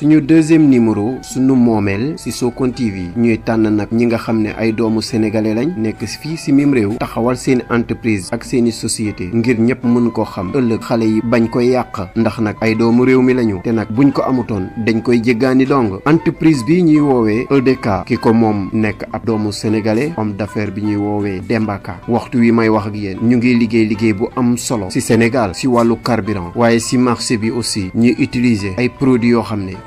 suñu deuxième numéro suñu momel si sokon tv ñuy tan nak ñi nga xamné ay doomu sénégalais lañ nek fi ci mim réew taxawal seen entreprise ak seen société ngir ñëpp mën ko xam ëllëg xalé yi bañ koy yaq ndax nak ay doomu réew mi lañu té nak buñ ko amutoon dañ koy jéggani dong entreprise bi ñuy wowe EDK kiko mom nek ab doomu sénégalais homme d'affaires bi ñuy wowe dembaka waxtu wi may wax ak yeen ñu ngi liggéey liggéey bu am solo si sénégal si walu carburant waye si marché bi aussi ñi utiliser ay produits yo xamné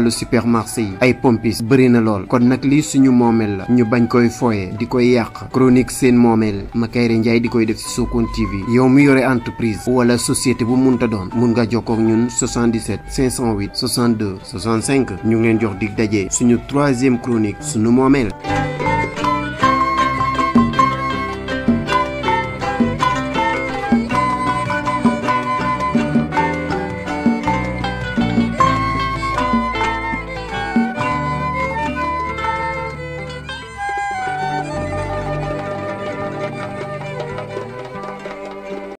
wàllu supermarché yi ay pompis bëri na lool kon nag lii suñu moomeel la ñu bañ koy foye di koy yàq chronique seen moomeel Makayre Ndiaye di koy def ci Sokone TV yow mi yore entreprise wala société bu ta doon mun nga jokkoo ak ñun 77 508 62 65 ñu ngi leen jox dig daje suñu troisième chronique suñu moomeel